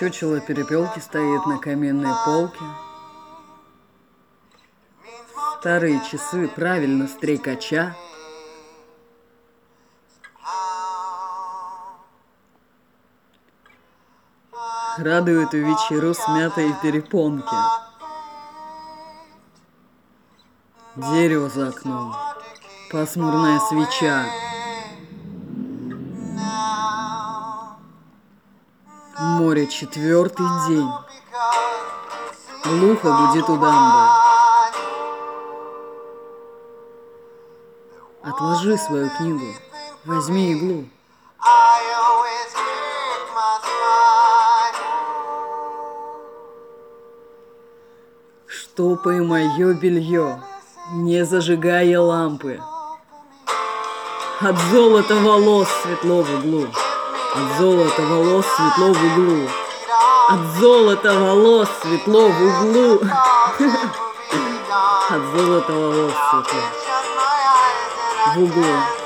Чучело перепелки стоит на каменной полке. Старые часы правильно стрекача. радует у вечеру смятые перепонки. Дерево за окном, пасмурная свеча. Море четвертый день. Глухо будет у дамбы. Отложи свою книгу, возьми иглу. Штопай мое белье, не зажигая лампы. От золота волос светло в углу. От золота волос светло в углу. От золота волос светло в углу. От золота волос светло в углу.